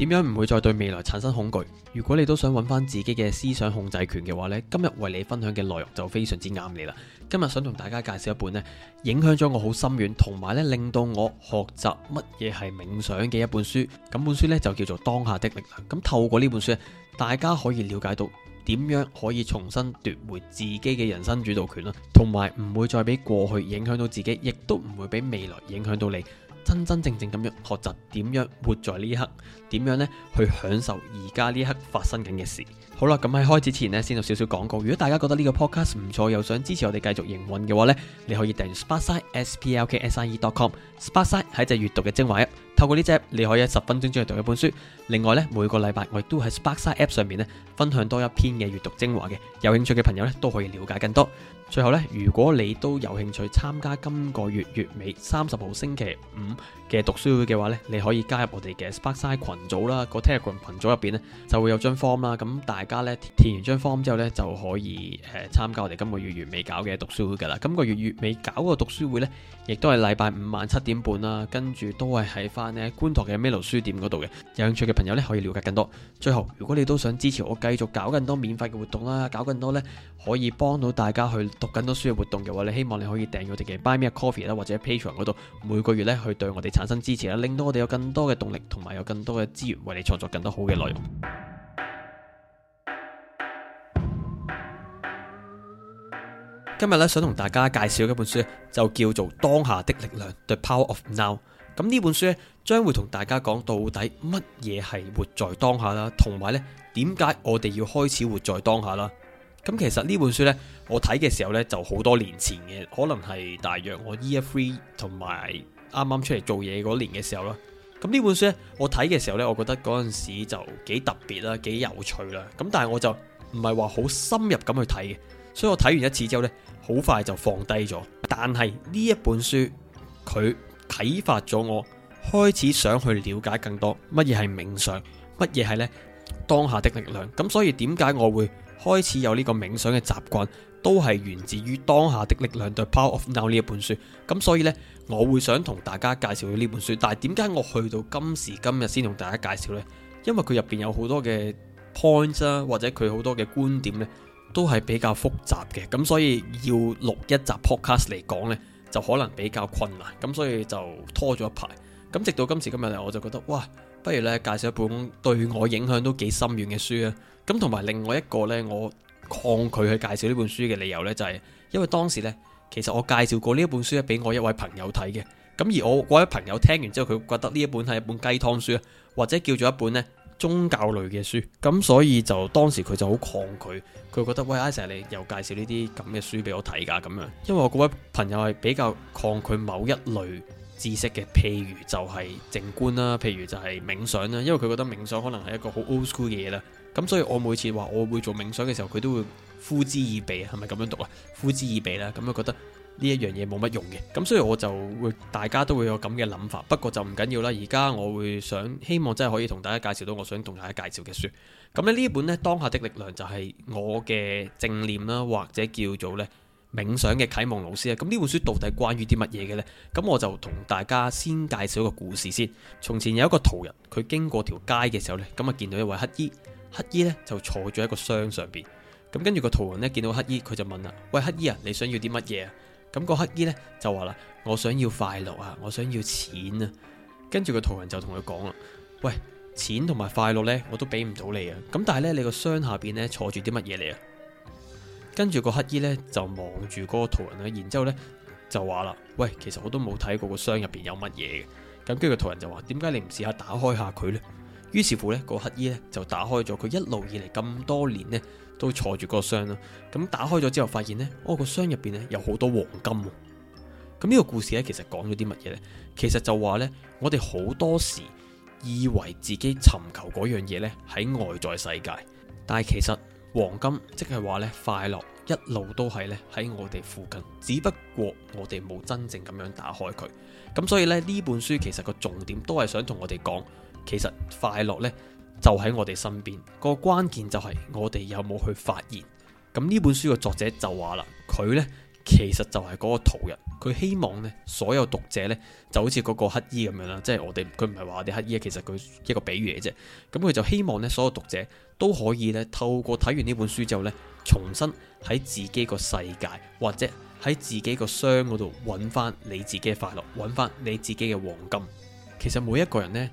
點樣唔會再對未來產生恐懼？如果你都想揾翻自己嘅思想控制權嘅話呢，今日為你分享嘅內容就非常之啱你啦。今日想同大家介紹一本呢，影響咗我好深遠，同埋咧令到我學習乜嘢係冥想嘅一本書。咁本書呢，就叫做《當下的力量》。咁透過呢本書呢，大家可以了解到點樣可以重新奪回自己嘅人生主導權啦，同埋唔會再俾過去影響到自己，亦都唔會俾未來影響到你。真真正正咁樣學習點樣活在呢一刻，點樣呢去享受而家呢一刻發生緊嘅事。好啦，咁喺開始前呢，先有少少廣告。如果大家覺得呢個 podcast 唔錯，又想支持我哋繼續營運嘅話呢，你可以訂閱 SparkSine sparksine.com。SparkSine 係隻閱讀嘅精華 app！透過呢隻 app，你可以喺十分鐘之內讀一本書。另外呢，每個禮拜我亦都喺 SparkSine app 上面呢分享多一篇嘅閱讀精華嘅。有興趣嘅朋友呢，都可以了解更多。最後呢，如果你都有興趣參加今個月月尾三十號星期五嘅讀書會嘅話呢，你可以加入我哋嘅 Sparkside 群組啦，個 Telegram 群組入面呢就會有張 form 啦。咁大家呢，填完張 form 之後呢，就可以參、呃、參加我哋今個月月尾搞嘅讀書會噶啦。今個月月尾搞個讀書會呢，亦都係禮拜五晚七點半啦，跟住都係喺翻呢觀塘嘅 Melo 書店嗰度嘅。有興趣嘅朋友呢，可以了解更多。最後，如果你都想支持我繼續搞更多免費嘅活動啦，搞更多呢，可以幫到大家去。讀緊多書嘅活動嘅話，你希望你可以訂閱我哋嘅 Buy Me Coffee 啦，或者 Patreon 嗰度，每個月咧去對我哋產生支持啦，令到我哋有更多嘅動力，同埋有更多嘅資源，為你創作更多好嘅內容。今日咧想同大家介紹一本書，就叫做《當下的力量》（The Power of Now）。咁呢本書咧，將會同大家講到底乜嘢係活在當下啦，同埋咧點解我哋要開始活在當下啦。咁其實呢本書呢，我睇嘅時候呢，就好多年前嘅，可能係大約我 F.3 同埋啱啱出嚟做嘢嗰年嘅時候啦。咁呢本書呢，我睇嘅時候呢，我覺得嗰陣時就幾特別啦，幾有趣啦。咁但係我就唔係話好深入咁去睇嘅，所以我睇完一次之後呢，好快就放低咗。但係呢一本書佢啟發咗我，開始想去了解更多乜嘢係冥想，乜嘢係呢當下的力量。咁所以點解我會開始有呢個冥想嘅習慣，都係源自於當下的力量對《The Power of Now》呢一本書。咁所以呢，我會想同大家介紹呢本書。但係點解我去到今時今日先同大家介紹呢？因為佢入面有好多嘅 point 啊，或者佢好多嘅觀點呢，都係比較複雜嘅。咁所以要錄一集 podcast 嚟講呢，就可能比較困難。咁所以就拖咗一排。咁直到今時今日咧，我就覺得哇！不如咧，介紹一本對我影響都幾深遠嘅書啊！咁同埋另外一個呢，我抗拒去介紹呢本書嘅理由呢，就係，就係因為當時呢，其實我介紹過呢一本書咧，俾我一位朋友睇嘅。咁而我嗰位朋友聽完之後，佢覺得呢一本係一本雞湯書啊，或者叫做一本咧宗教類嘅書。咁所以就當時佢就好抗拒，佢覺得喂，阿、啊、成你又介紹呢啲咁嘅書俾我睇㗎咁樣。因為我嗰位朋友係比較抗拒某一類。知識嘅，譬如就係靜觀啦，譬如就係冥想啦，因為佢覺得冥想可能係一個好 old school 嘅嘢啦。咁所以我每次話我會做冥想嘅時候，佢都會呼之以鼻，係咪咁樣讀啊？呼之以鼻啦，咁就覺得呢一樣嘢冇乜用嘅。咁所以我就會，大家都會有咁嘅諗法。不過就唔緊要啦。而家我會想，希望真係可以同大家介紹到我想同大家介紹嘅書。咁咧呢本呢，當下的力量就係、是、我嘅正念啦，或者叫做呢。冥想嘅啟蒙老師啊，咁呢本書到底關於啲乜嘢嘅呢？咁我就同大家先介紹個故事先。從前有一個途人，佢經過條街嘅時候呢，咁啊見到一位乞衣，乞衣呢就坐咗喺個箱上邊。咁跟住個途人呢，見到乞衣，佢就問啦：，喂乞衣啊，你想要啲乜嘢啊？咁個乞衣呢就話啦：，我想要快樂啊，我想要錢啊。跟住個途人就同佢講啦：，喂，錢同埋快樂呢，我都俾唔到你啊。咁但係呢，你個箱下邊呢，坐住啲乜嘢嚟啊？跟住個乞衣咧就望住嗰個途人啦，然之後咧就話啦：，喂，其實我都冇睇過個箱入邊有乜嘢嘅。咁跟住個途人就話：，點解你唔試下打開下佢呢？」於是乎呢，個乞衣咧就打開咗，佢一路以嚟咁多年呢，都坐住個箱啦。咁、啊、打開咗之後，發現呢，哦，個箱入邊呢，有好多黃金、哦。咁呢個故事咧，其實講咗啲乜嘢呢？其實就話呢，我哋好多時以為自己尋求嗰樣嘢呢，喺外在世界，但係其實，黃金即係話呢，快樂一路都係呢喺我哋附近，只不過我哋冇真正咁樣打開佢。咁所以呢，呢本書其實個重點都係想同我哋講，其實快樂呢就喺我哋身邊，個關鍵就係我哋有冇去發現。咁呢本書嘅作者就話啦，佢呢。」其實就係嗰個途人，佢希望呢，所有讀者呢，就好似嗰個乞衣咁樣啦，即係我哋，佢唔係話我哋乞衣，其實佢一個比喻嚟啫。咁佢就希望呢，所有讀者都可以呢，透過睇完呢本書之後呢，重新喺自己個世界或者喺自己個箱嗰度揾翻你自己嘅快樂，揾翻你自己嘅黃金。其實每一個人呢，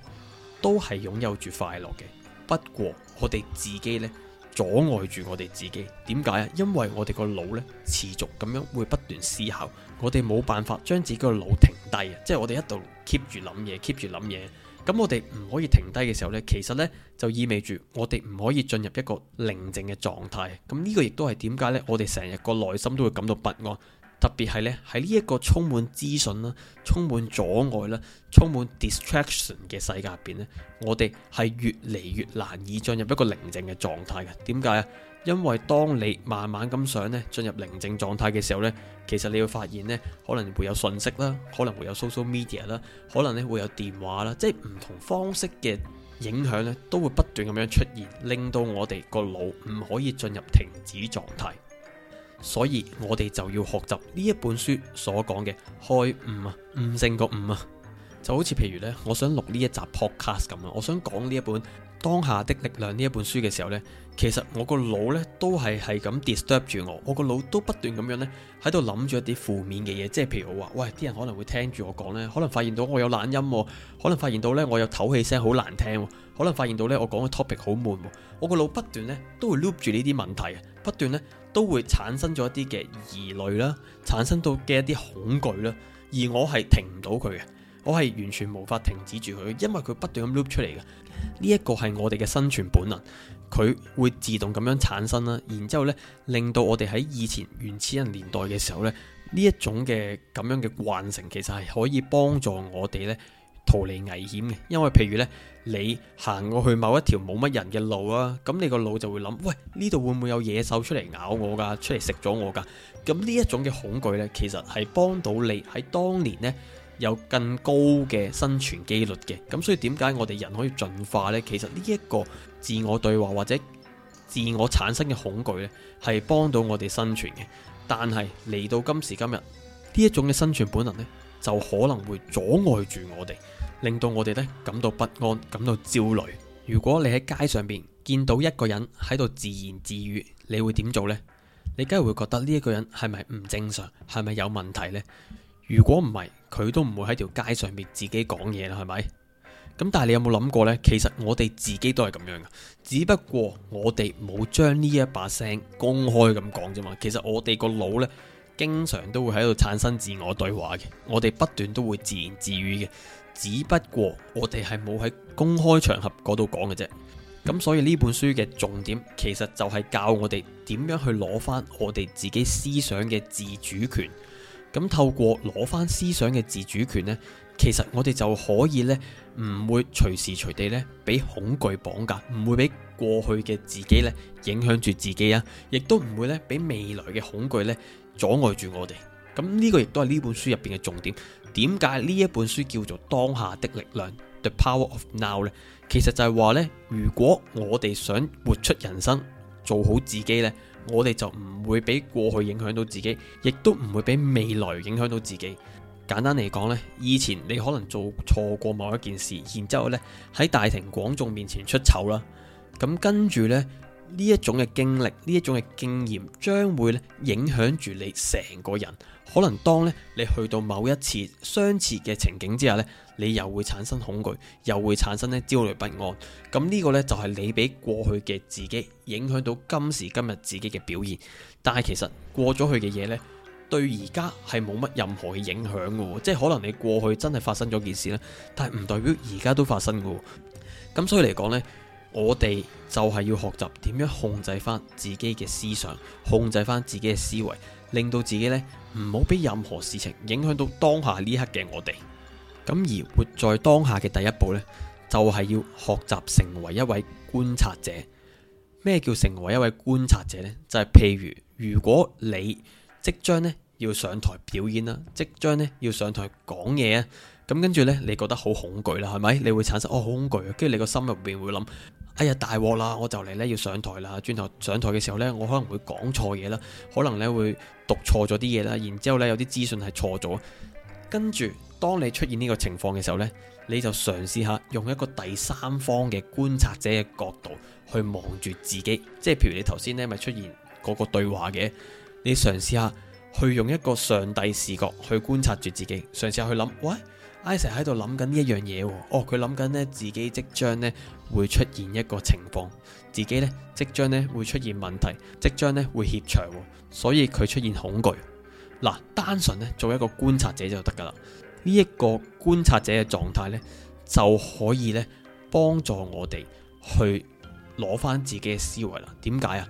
都係擁有住快樂嘅，不過我哋自己呢。阻礙住我哋自己，點解啊？因為我哋個腦呢持續咁樣會不斷思考，我哋冇辦法將自己個腦停低啊！即係我哋一度 keep 住諗嘢，keep 住諗嘢，咁我哋唔可以停低嘅時候呢，其實呢就意味住我哋唔可以進入一個寧靜嘅狀態。咁呢個亦都係點解呢？我哋成日個內心都會感到不安。特別係咧，喺呢一個充滿資訊啦、充滿阻礙啦、充滿 distraction 嘅世界入邊咧，我哋係越嚟越難以進入一個寧靜嘅狀態嘅。點解啊？因為當你慢慢咁想咧進入寧靜狀態嘅時候咧，其實你會發現咧，可能會有訊息啦，可能會有 social media 啦，可能咧會有電話啦，即係唔同方式嘅影響咧，都會不斷咁樣出現，令到我哋個腦唔可以進入停止狀態。所以我哋就要學習呢一本書所講嘅開悟啊，悟性個悟啊，就好似譬如呢：「我想錄呢一集 Podcast 咁啊，我想講呢一本《當下的力量》呢一本書嘅時候呢，其實我個腦呢都係係咁 disturb 住我，我個腦都不斷咁樣呢喺度諗住一啲負面嘅嘢，即係譬如我話，喂，啲人可能會聽住我講呢，可能發現到我有懶音，可能發現到呢我有唞氣聲好難聽，可能發現到呢我講嘅 topic 好悶，我個腦不斷呢都會 loop 住呢啲問題，不斷呢。都會產生咗一啲嘅疑慮啦，產生到嘅一啲恐懼啦，而我係停唔到佢嘅，我係完全無法停止住佢，因為佢不斷咁碌出嚟嘅。呢一個係我哋嘅生存本能，佢會自動咁樣產生啦，然之後呢令到我哋喺以前原始人年代嘅時候呢，呢一種嘅咁樣嘅慣性，其實係可以幫助我哋呢。逃離危險嘅，因為譬如咧，你行過去某一條冇乜人嘅路啊，咁你個腦就會諗，喂，呢度會唔會有野獸出嚟咬我噶，出嚟食咗我噶？咁呢一種嘅恐懼呢，其實係幫到你喺當年呢有更高嘅生存幾率嘅。咁所以點解我哋人可以進化呢？其實呢一個自我對話或者自我產生嘅恐懼呢，係幫到我哋生存嘅。但係嚟到今時今日，呢一種嘅生存本能呢，就可能會阻礙住我哋。令到我哋咧感到不安、感到焦慮。如果你喺街上面見到一個人喺度自言自語，你會點做呢？你梗係會覺得呢一個人係咪唔正常？係咪有問題呢？如果唔係，佢都唔會喺條街上面自己講嘢啦，係咪？咁但係你有冇諗過呢？其實我哋自己都係咁樣嘅，只不過我哋冇將呢一把聲公開咁講啫嘛。其實我哋個腦呢，經常都會喺度產生自我對話嘅，我哋不斷都會自言自語嘅。只不過我哋係冇喺公開場合嗰度講嘅啫，咁所以呢本書嘅重點其實就係教我哋點樣去攞翻我哋自己思想嘅自主權。咁透過攞翻思想嘅自主權呢，其實我哋就可以呢唔會隨時隨地呢俾恐懼綁架，唔會俾過去嘅自己呢影響住自己啊，亦都唔會呢俾未來嘅恐懼呢阻礙住我哋。咁、這、呢個亦都係呢本書入邊嘅重點。點解呢一本書叫做當下的力量？The Power of Now 呢其實就係話呢，如果我哋想活出人生，做好自己呢，我哋就唔會俾過去影響到自己，亦都唔會俾未來影響到自己。簡單嚟講呢，以前你可能做錯過某一件事，然之後呢喺大庭廣眾面前出醜啦，咁跟住呢，呢一種嘅經歷，呢一種嘅經驗，將會咧影響住你成個人。可能當咧你去到某一次相似嘅情景之下咧，你又會產生恐懼，又會產生咧焦慮不安。咁、這、呢個咧就係你俾過去嘅自己影響到今時今日自己嘅表現。但係其實過咗去嘅嘢咧，對而家係冇乜任何嘅影響嘅。即係可能你過去真係發生咗件事咧，但係唔代表而家都發生嘅。咁所以嚟講咧。我哋就係要學習點樣控制翻自己嘅思想，控制翻自己嘅思維，令到自己呢唔好俾任何事情影響到當下呢刻嘅我哋。咁而活在當下嘅第一步呢，就係要學習成為一位觀察者。咩叫成為一位觀察者呢？就係譬如，如果你即將呢要上台表演啦，即將呢要上台講嘢啊，咁跟住呢，你覺得好恐懼啦，係咪？你會產生哦好恐懼，跟住你個心入邊會諗。哎呀，大鑊啦！我就嚟咧要上台啦，轉頭上台嘅時候呢，我可能會講錯嘢啦，可能咧會讀錯咗啲嘢啦，然之後咧有啲資訊係錯咗。跟住當你出現呢個情況嘅時候呢，你就嘗試下用一個第三方嘅觀察者嘅角度去望住自己，即係譬如你頭先咧咪出現嗰個對話嘅，你嘗試下去用一個上帝視角去觀察住自己，嘗試下去諗，喂。成日喺度諗緊呢一樣嘢、哦，哦，佢諗緊呢，自己即將呢會出現一個情況，自己呢即將呢會出現問題，即將呢會怯場、哦，所以佢出現恐懼。嗱、啊，單純呢做一個觀察者就得噶啦，呢、這、一個觀察者嘅狀態呢，就可以呢幫助我哋去攞翻自己嘅思維啦。點解啊？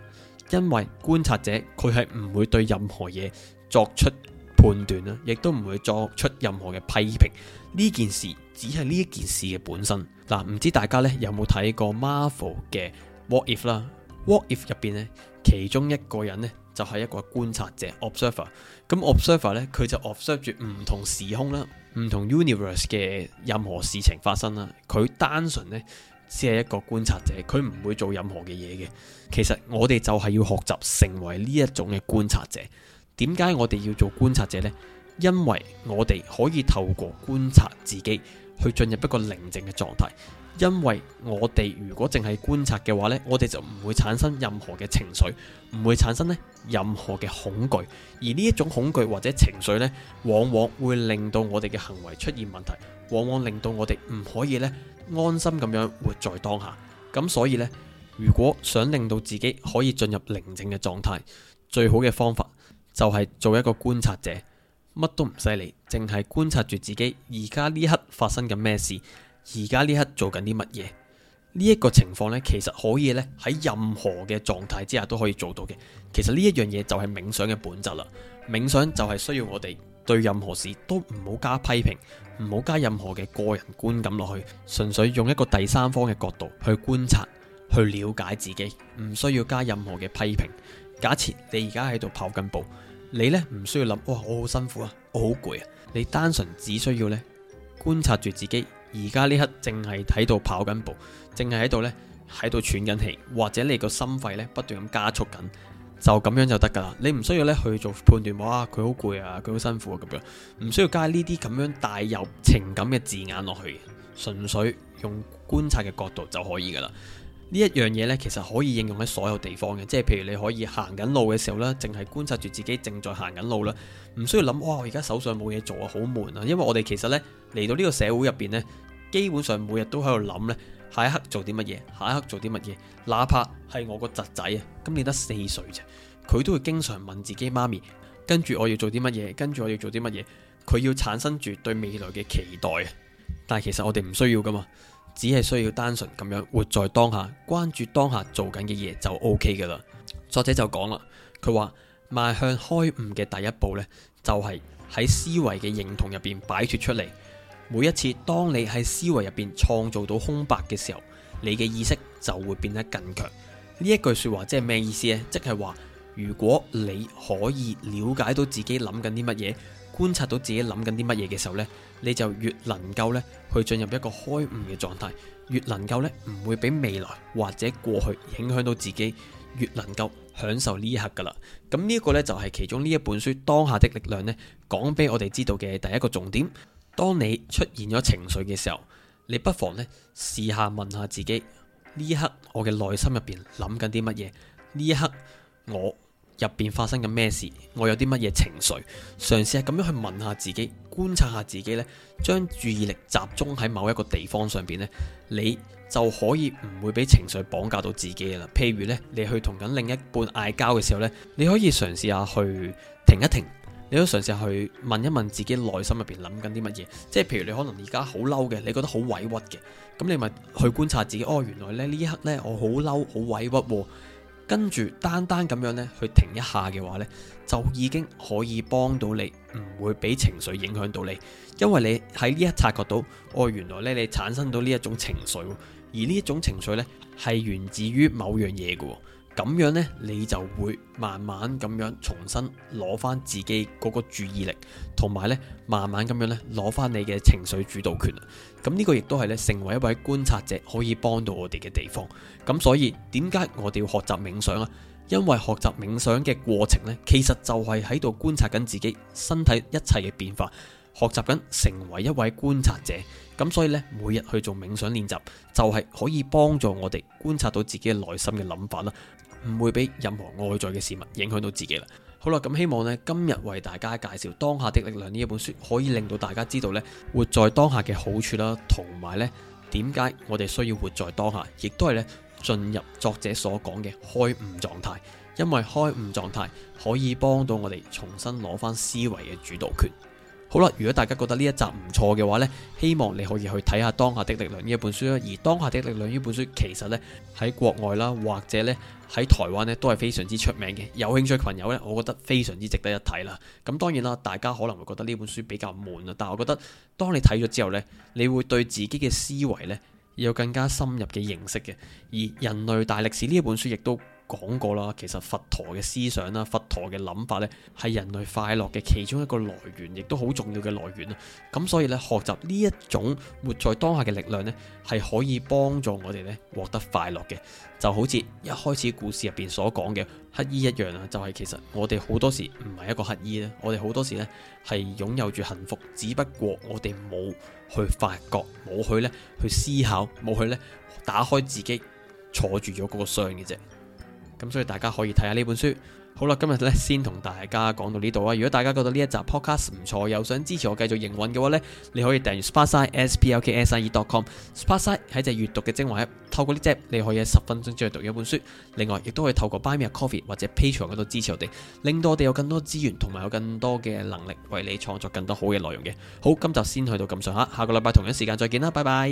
因為觀察者佢係唔會對任何嘢作出。判斷啦，亦都唔會作出任何嘅批評。呢件事只係呢一件事嘅本身。嗱，唔知大家呢有冇睇過 Marvel 嘅 What If 啦？What If 入邊呢，其中一個人呢，就係一個觀察者 （observer）。咁 observer 呢，佢就 observe 住唔同時空啦、唔同 universe 嘅任何事情發生啦。佢單純呢，只係一個觀察者，佢唔會做任何嘅嘢嘅。其實我哋就係要學習成為呢一種嘅觀察者。點解我哋要做觀察者呢？因為我哋可以透過觀察自己去進入一個寧靜嘅狀態。因為我哋如果淨係觀察嘅話呢，我哋就唔會產生任何嘅情緒，唔會產生呢任何嘅恐懼。而呢一種恐懼或者情緒呢，往往會令到我哋嘅行為出現問題，往往令到我哋唔可以呢安心咁樣活在當下。咁所以呢，如果想令到自己可以進入寧靜嘅狀態，最好嘅方法，就係做一個觀察者，乜都唔使理，淨係觀察住自己而家呢刻發生緊咩事，而家呢刻做緊啲乜嘢？呢一個情況呢，其實可以咧喺任何嘅狀態之下都可以做到嘅。其實呢一樣嘢就係冥想嘅本質啦。冥想就係需要我哋對任何事都唔好加批評，唔好加任何嘅個人觀感落去，純粹用一個第三方嘅角度去觀察、去了解自己，唔需要加任何嘅批評。假設你而家喺度跑緊步。你咧唔需要諗，哇！我好辛苦啊，我好攰啊。你單純只需要咧觀察住自己，而家呢刻淨係睇到跑緊步，淨係喺度咧喺度喘緊氣，或者你個心肺咧不斷咁加速緊，就咁樣就得噶啦。你唔需要咧去做判斷，哇！佢好攰啊，佢好辛苦啊，咁樣唔需要加呢啲咁樣帶有情感嘅字眼落去，純粹用觀察嘅角度就可以噶啦。呢一樣嘢呢，其實可以應用喺所有地方嘅，即係譬如你可以行緊路嘅時候呢，淨係觀察住自己正在行緊路啦，唔需要諗哇，我而家手上冇嘢做啊，好悶啊！因為我哋其實呢，嚟到呢個社會入面呢，基本上每日都喺度諗呢下一刻做啲乜嘢，下一刻做啲乜嘢，哪怕係我個侄仔啊，今年得四歲啫，佢都會經常問自己媽咪，跟住我要做啲乜嘢，跟住我要做啲乜嘢，佢要產生住對未來嘅期待啊！但係其實我哋唔需要噶嘛。只係需要單純咁樣活在當下，關注當下做緊嘅嘢就 O K 噶啦。作者就講啦，佢話邁向開悟嘅第一步呢，就係喺思維嘅認同入邊擺脫出嚟。每一次當你喺思維入邊創造到空白嘅時候，你嘅意識就會變得更強。呢一句說話即係咩意思呢？即係話如果你可以了解到自己諗緊啲乜嘢。觀察到自己諗緊啲乜嘢嘅時候呢，你就越能夠呢去進入一個開悟嘅狀態，越能夠呢唔會俾未來或者過去影響到自己，越能夠享受呢一刻噶啦。咁呢一個呢就係其中呢一本書當下的力量呢講俾我哋知道嘅第一個重點。當你出現咗情緒嘅時候，你不妨呢試下問下自己：呢一刻我嘅內心入邊諗緊啲乜嘢？呢一刻我。入邊發生緊咩事？我有啲乜嘢情緒？嘗試係咁樣去問下自己，觀察下自己呢，將注意力集中喺某一個地方上邊呢，你就可以唔會俾情緒綁架到自己嘅啦。譬如呢，你去同緊另一半嗌交嘅時候呢，你可以嘗試下去停一停，你可以嘗試下去問一問自己內心入邊諗緊啲乜嘢。即係譬如你可能而家好嬲嘅，你覺得好委屈嘅，咁你咪去觀察自己。哦，原來呢，呢一刻呢，我好嬲，好委屈。跟住單單咁樣咧，去停一下嘅話呢，就已經可以幫到你，唔會俾情緒影響到你，因為你喺呢一察覺到，哦，原來呢你產生到呢一種情緒，而呢一種情緒呢，係源自於某樣嘢嘅。咁樣呢，你就會慢慢咁樣重新攞翻自己嗰個注意力，同埋呢，慢慢咁樣呢，攞翻你嘅情緒主導權。咁呢個亦都係呢，成為一位觀察者可以幫到我哋嘅地方。咁所以，點解我哋要學習冥想啊？因為學習冥想嘅過程呢，其實就係喺度觀察緊自己身體一切嘅變化，學習緊成為一位觀察者。咁所以呢，每日去做冥想練習，就係可以幫助我哋觀察到自己嘅內心嘅諗法啦，唔會俾任何外在嘅事物影響到自己啦。好啦，咁希望呢今日為大家介紹《當下的力量》呢一本書，可以令到大家知道呢，活在當下嘅好處啦、啊，同埋呢，點解我哋需要活在當下，亦都係呢進入作者所講嘅開悟狀態。因為開悟狀態可以幫到我哋重新攞返思維嘅主導權。好啦，如果大家覺得呢一集唔錯嘅話呢，希望你可以去睇下《當下的力量》呢一本書啦。而《當下的力量》呢本書其實呢喺國外啦，或者呢喺台灣呢，都係非常之出名嘅。有興趣嘅朋友呢，我覺得非常之值得一睇啦。咁當然啦，大家可能會覺得呢本書比較悶啊，但係我覺得當你睇咗之後呢，你會對自己嘅思維呢有更加深入嘅認識嘅。而《人類大歷史》呢一本書亦都。講過啦，其實佛陀嘅思想啦，佛陀嘅諗法咧，係人類快樂嘅其中一個來源，亦都好重要嘅來源啊！咁所以咧，學習呢一種活在當下嘅力量咧，係可以幫助我哋咧獲得快樂嘅。就好似一開始故事入邊所講嘅乞衣一樣啊，就係其實我哋好多時唔係一個乞衣咧，我哋好多時咧係擁有住幸福，只不過我哋冇去發覺，冇去咧去思考，冇去咧打開自己坐住咗嗰個箱嘅啫。咁所以大家可以睇下呢本書。好啦，今日咧先同大家講到呢度啊。如果大家覺得呢一集 podcast 唔錯，又想支持我繼續營運嘅話呢，你可以訂閱 Sparksine，sparksine.com，Sparksine 係一隻閱讀嘅精華 app，透過呢隻你可以十分鐘之內讀一本書。另外，亦都可以透過 Buy Me a Coffee 或者 Patreon 度支持我哋，令到我哋有更多資源同埋有更多嘅能力為你創作更多好嘅內容嘅。好，今集先去到咁上下，下個禮拜同樣時間再見啦，拜拜。